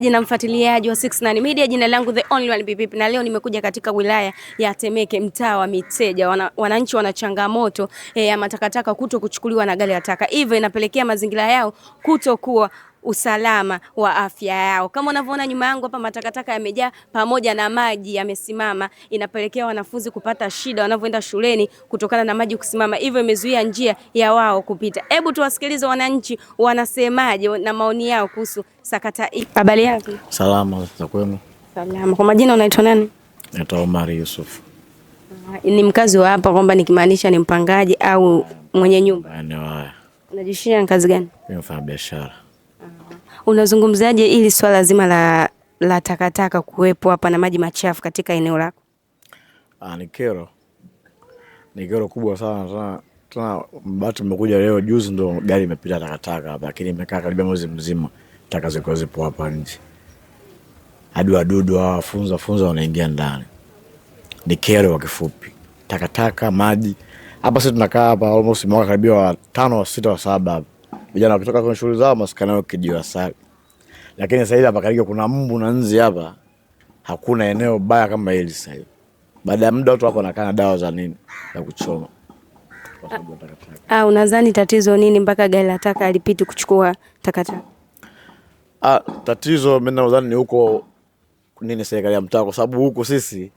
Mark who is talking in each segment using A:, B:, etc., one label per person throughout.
A: Jina mfuatiliaji wa 69 Media, jina langu the only one Pipipi, na leo nimekuja katika wilaya ya Temeke, mtaa wa Miteja. Wana, wananchi wana changamoto eh, ya matakataka kuto kuchukuliwa na gari ya taka, hivyo inapelekea mazingira yao kutokuwa usalama wa afya yao. Kama unavyoona nyuma yangu hapa, matakataka yamejaa pamoja na maji yamesimama, inapelekea wanafunzi kupata shida wanavyoenda shuleni kutokana na maji kusimama, hivyo imezuia njia ya wao kupita. Hebu tuwasikilize wananchi wanasemaje na maoni yao kuhusu sakata hii.
B: Habari yako?
C: Salama za kwenu?
A: Salama. Kwa majina unaitwa nani?
C: Naitwa Omar Yusuf.
A: Ni mkazi wa hapa, kwamba nikimaanisha ni mpangaji au mwenye nyumba. Unajishia kazi gani?
C: Mfanya biashara.
A: Unazungumzaje ili swala zima la, la takataka kuwepo hapa na maji machafu katika eneo lako?
C: Ah, ni kero, ni kero kubwa sana sana tena. Bahati mmekuja leo, juzi ndo gari imepita takataka hapa, lakini imekaa karibia mwezi mzima, taka zilikuwa zipo hapa nje, hadi wadudu hawa funza funza wanaingia ndani. Ni kero kwa kifupi, takataka, maji hapa. Sisi tunakaa hapa almost mwaka karibia wa tano wa sita wa saba hapa vijana wakitoka kwenye shughuli zao maskani yao kijiwa asali. Lakini sasa hivi hapa karibu kuna mbu na nzi hapa, hakuna eneo baya kama hili sasa hivi. Baada ya muda watu wako nakana dawa za nini za kuchoma.
A: Ah, unadhani tatizo nini mpaka gari la taka alipiti kuchukua takataka?
C: Ah, tatizo mimi nadhani ni huko nini, serikali ya mtaa, kwa sababu huko sisi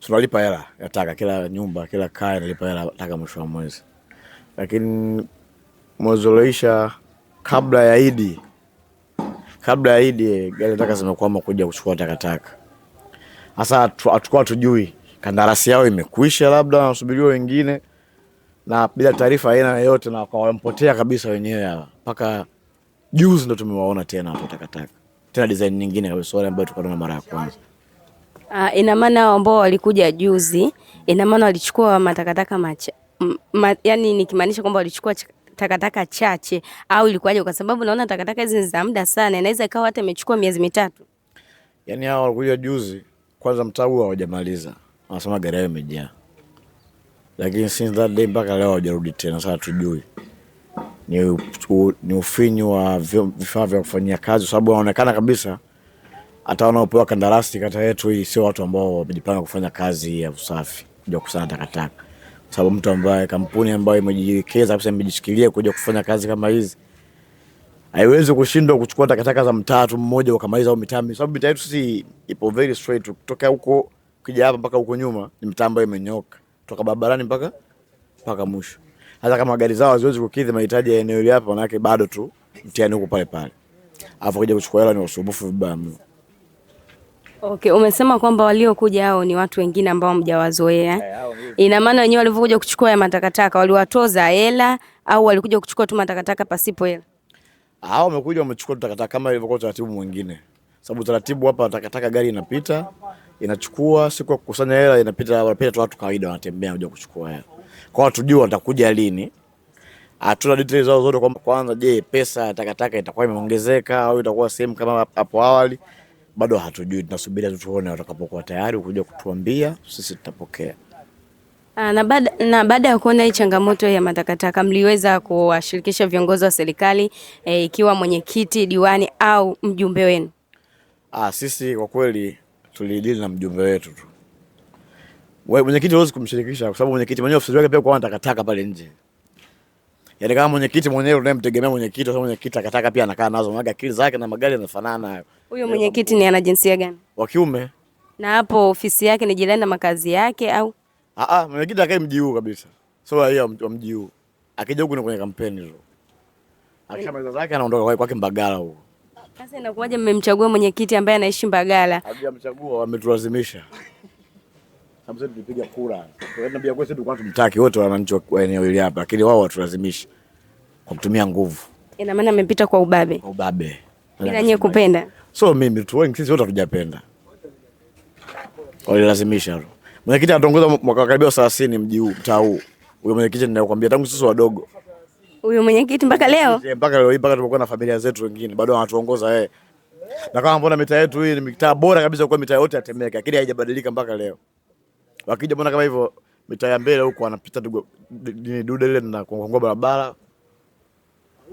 C: tunalipa hela ya taka, kila nyumba kila kaya inalipa hela taka mwisho wa mwezi, lakini Mwazulaisha kabla ya Idi, kabla ya Idi gari taka zimekwama kuja kuchukua takataka. Sasa hatukuwa tujui kandarasi yao imekwisha, labda wanasubiriwa wengine, na bila taarifa aina yoyote, na wampotea kabisa wenyewe hawa. Mpaka juzi ndo tumewaona tena hapo takataka, tena design nyingine kabisa, wale ambao tukaona mara ya kwanza.
A: Uh, ina maana hao ambao walikuja juzi, ina maana walichukua matakataka macha ma, yani nikimaanisha kwamba walichukua takataka chache au ilikuwaje? Kwa sababu naona takataka hizi ni za muda sana, inaweza ikawa hata imechukua miezi mitatu.
C: Yani hao walikuja juzi, kwanza mtaa huo hawajamaliza, wanasema gari yao imejaa, lakini since that day mpaka leo hawajarudi tena. Sasa tujui ni, ni ufinyu wa vifaa vya kufanyia kazi, kwa sababu wanaonekana kabisa hata wanaopewa kandarasi kata yetu hii sio watu ambao wamejipanga kufanya kazi ya usafi, kuja kusana takataka sababu mtu ambaye kampuni ambayo imejiwekeza kabisa, imejishikilia kuja kufanya kazi kama hizi haiwezi kushindwa kuchukua takataka za mtaa tu mmoja ukamaliza, au mitaa sababu mitaa yetu si ipo very straight, kutoka huko kija hapa mpaka huko nyuma ni mtaa ambayo imenyoka kutoka barabarani mpaka mpaka mwisho. Hata kama gari zao haziwezi kukidhi mahitaji ya eneo hili hapa, manake bado tu mtiani huko pale pale, alafu kija kuchukua hela ni usumbufu vibaya mno.
A: Okay, umesema kwamba waliokuja hao ni watu wengine ambao mjawazoea. Eh, Ina maana wenyewe walivyokuja kuchukua ya matakataka waliwatoza hela au walikuja kuchukua tu matakataka pasipo hela?
C: Hao wamekuja wamechukua takataka kama ilivyokuwa taratibu mwingine. Sababu taratibu hapa takataka gari inapita, inachukua, siku ya kukusanya hela inapita, wanapita tu watu kawaida wanatembea kuja kuchukua hela. Kwa watu jua watakuja lini. Hatuna details zao zote kwamba kwanza, je, pesa ya takataka itakuwa imeongezeka au itakuwa same kama hapo awali? bado hatujui, tunasubiria tu tuone watakapokuwa tayari kuja kutuambia sisi, tutapokea.
A: Ah, na baada na baada ya kuona hii changamoto ya matakataka, mliweza kuwashirikisha viongozi wa serikali e, ikiwa mwenyekiti, diwani au mjumbe wenu?
C: Ah, sisi kwa kweli tulidili na mjumbe wetu tu. Mwenyekiti huwezi kumshirikisha kwa sababu mwenyekiti mwenyewe ofisi yake pia kwa matakataka pale nje yani kama mwenyekiti mwenyewe unayemtegemea mwenyekiti, sasa mwenyekiti akataka pia anakaa nazo mwaga akili zake na magari yanafanana hayo.
A: Huyo yaani mwenyekiti ni ana jinsia gani? Wa kiume. Na hapo ofisi yake ni jirani na makazi yake au?
C: Ah ah, mwenyekiti akae mji huu kabisa. Sio yeye wa mji huu. Akija huku ni kwenye kampeni hizo. Akishamaliza zake anaondoka kwake Mbagala huko.
A: Sasa inakuwaje mmemchagua mwenyekiti ambaye anaishi Mbagala?
C: Hajamchagua, wametulazimisha sababu tulipiga kura tulikuwa tumtaki wote wananchi wa eneo hili hapa, lakini wao watulazimisha kwa kutumia nguvu.
A: Ina maana amepita kwa ubabe, kwa ubabe bila nyie kupenda.
C: So mimi tu wengi sisi wote hatujapenda, walilazimisha. Mwenyekiti anatongoza mwaka karibia thelathini mji huu, mtaa huu. Huyo mwenyekiti ninakwambia tangu sisi wadogo
A: huyo mwenyekiti mpaka leo
C: mpaka leo mpaka tumekuwa na familia zetu wengine bado wanatuongoza yeye. Na kama mbona mitaa yetu hii ni mitaa bora kabisa kwa mitaa yote ya Temeke, lakini haijabadilika mpaka leo wakija mbona kama hivyo mita ya mbele huko anapita ni dude ile na kuongoa barabara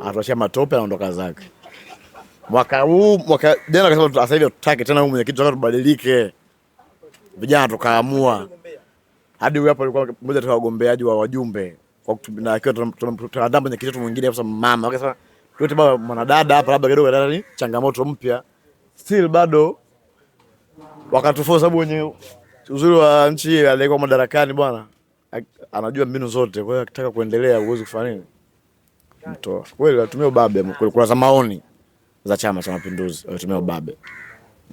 C: anatoshia matope anaondoka zake. Mwaka huu mwaka jana akasema sasa hivi tutake tena huyu mwenyekiti tunataka tubadilike, vijana tukaamua hadi huyu hapa alikuwa mmoja wa wagombeaji wa wajumbe kwa kutumia akiwa tunaandaa mwenyekiti wetu mwingine hapa mama akasema yote baba mwanadada hapa labda kidogo ndani changamoto mpya still bado wakatufosa sababu wenyewe uzuri wa nchi aliyekuwa madarakani bwana anajua mbinu zote, kwa hiyo akitaka kuendelea huwezi kufanya nini, mtoa kweli. Alitumia ubabe, kuna za maoni za Chama cha Mapinduzi, alitumia ubabe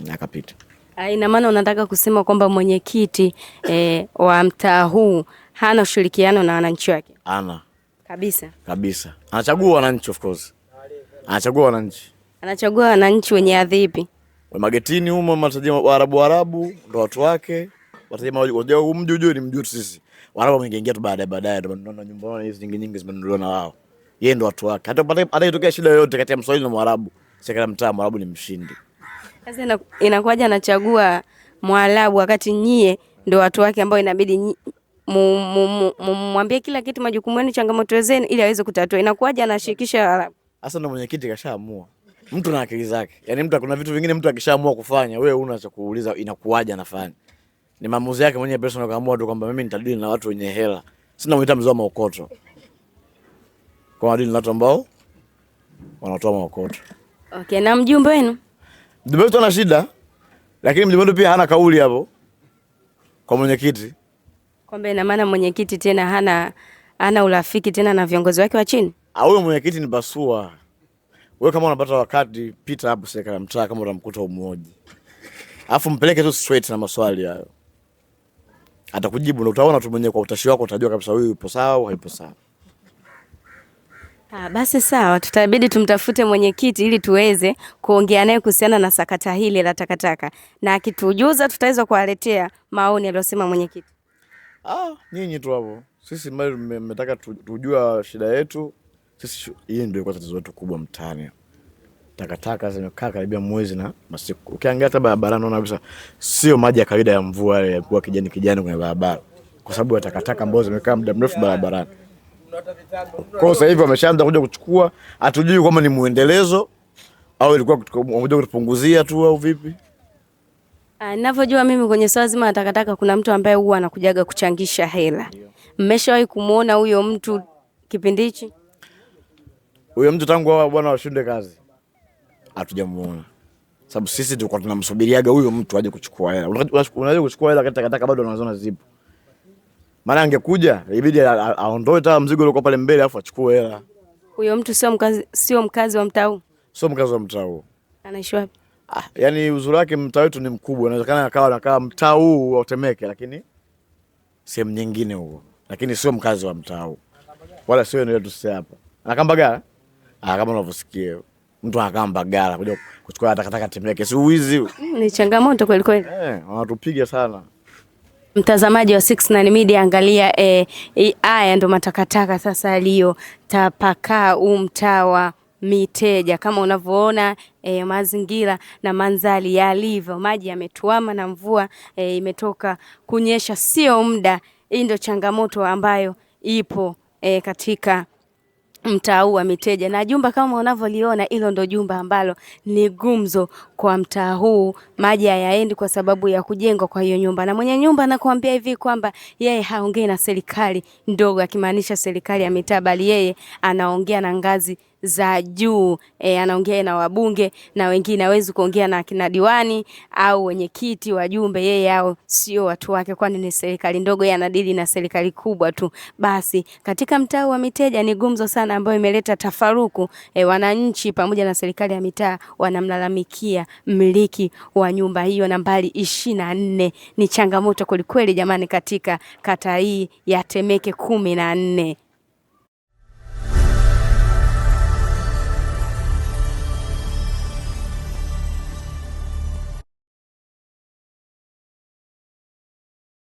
C: na akapita.
A: Ah, ina maana unataka kusema kwamba mwenyekiti e, wa mtaa huu hana ushirikiano na wananchi wake? Ana kabisa
C: kabisa, anachagua wananchi, of course anachagua wananchi,
A: anachagua wananchi wenye adhibi
C: magetini humo, matajiri wa Arabu Arabu ndo watu wake watasema waje mji ujue ni sisi. tu baadaye baadaye, hizi nyingi nyingi zimenunuliwa na wao. Yeye ndo watu wake. Hata hata shida yoyote kati ya Mswahili na Mwarabu, mtaa Mwarabu ni mshindi.
A: Sasa inakuwaje anachagua Mwarabu wakati nyie ndo watu wake ambao inabidi kila kitu, majukumu yenu, changamoto zenu, ili aweze kutatua. Inakuwaje anashirikisha Waarabu?
C: Sasa ndo mwenyekiti kashaamua mtu na akili zake, yaani mtu, kuna vitu vingine mtu akishaamua kufanya, wewe una cha kuuliza, inakuwaje anafanya ni maamuzi yake mwenyewe personal, kaamua tu kwamba mimi nitadili na watu wenye hela, sina mwita mzoa maokoto kwa adili na watu ambao wanatoa maokoto.
A: Okay, na mjumbe wenu?
C: Mjumbe wetu ana shida, lakini mjumbe wetu pia hana kauli hapo kwa mwenyekiti,
A: kwamba ina maana mwenyekiti tena hana ana urafiki tena na viongozi wake wa chini.
C: Ah, huyo mwenyekiti ni basua. Wewe kama unapata wakati, pita hapo serikali ya mtaa, kama utamkuta umoja, alafu mpeleke tu straight na maswali hayo atakujibu na utaona tu mwenyewe kwa utashi wako, utajua kabisa huyu yupo sawa au haipo sawa.
A: Ah, basi sawa, tutabidi tumtafute mwenyekiti ili tuweze kuongea naye kuhusiana na sakata hili la takataka, na akitujuza tutaweza kuwaletea maoni aliyosema mwenyekiti.
C: Ah, nyinyi tu hapo, sisi mmetaka tujua shida yetu sisi, hii ndio kwa tatizo letu kubwa mtaani takataka zimekaa karibia mwezi na masiku. Ukiangalia hata barabarani unaona kabisa sio maji ya kawaida ya mvua yale yalikuwa kijani kijani kwenye barabara, kwa sababu ya takataka ambazo zimekaa muda mrefu barabarani. Kwa sasa hivi wameshaanza kuja kuchukua, hatujui kama ni muendelezo au ilikuwa wamekuja kutupunguzia tu au vipi.
A: Uh, Ninavyojua mimi kwenye swala zima la takataka, kuna mtu ambaye huwa anakujaga kuchangisha hela. Mmeshawahi kumwona huyo mtu kipindi hichi?
C: Huyo mtu tangu bwana washinde kazi hatujamuona sababu sisi tulikuwa tunamsubiriaga huyo mtu aje kuchukua hela. Unaweza kuchukua hela takataka, bado anaziona zipo. Maana angekuja ibidi aondoe taa mzigo uliokuwa pale mbele, afu achukue hela.
A: Huyo mtu sio mkazi, sio mkazi wa mtaa huu,
C: sio mkazi wa mtaa huu. Anaishi wapi? Ah, yani uzuri wake mtaa wetu ni mkubwa, inawezekana akawa anakaa mtaa huu wa Temeke, lakini sehemu nyingine huko, lakini sio mkazi wa mtaa huu, wala sio eneo letu Sasa hapa. Anakambagara ah, kama unavyosikia mtu anakaa Mbagala kuja kuchukua takataka Temeke, si uwizi? Mm,
A: ni changamoto kweli kweli,
C: eh, wanatupiga sana.
A: Mtazamaji wa 69 Media, angalia eh, haya ndo matakataka sasa yaliyotapakaa huu mtaa wa Miteja kama unavyoona e, mazingira na mandhari yalivyo, maji yametuama na mvua e, imetoka kunyesha sio muda. Hii ndio changamoto ambayo ipo e, katika mtaa huu wa Miteja na jumba kama unavyoliona hilo ndo jumba ambalo ni gumzo kwa mtaa huu. Maji hayaendi kwa sababu ya kujengwa kwa hiyo nyumba, na mwenye nyumba anakuambia hivi kwamba yeye haongei na serikali ndogo, akimaanisha serikali ya mitaa, bali yeye anaongea na ngazi za juu e, anaongea na wabunge na wengine, hawezi kuongea na kina diwani au wenyekiti, wajumbe, yeye au sio watu wake, kwani ni serikali ndogo, yeye anadili na serikali kubwa tu. Basi katika mtaa wa Miteja ni gumzo sana ambayo imeleta tafaruku e, wananchi pamoja na serikali ya mitaa wanamlalamikia mmiliki wa nyumba hiyo nambari ishirini na nne. Ni changamoto kwelikweli jamani, katika kata hii ya Temeke kumi na nne.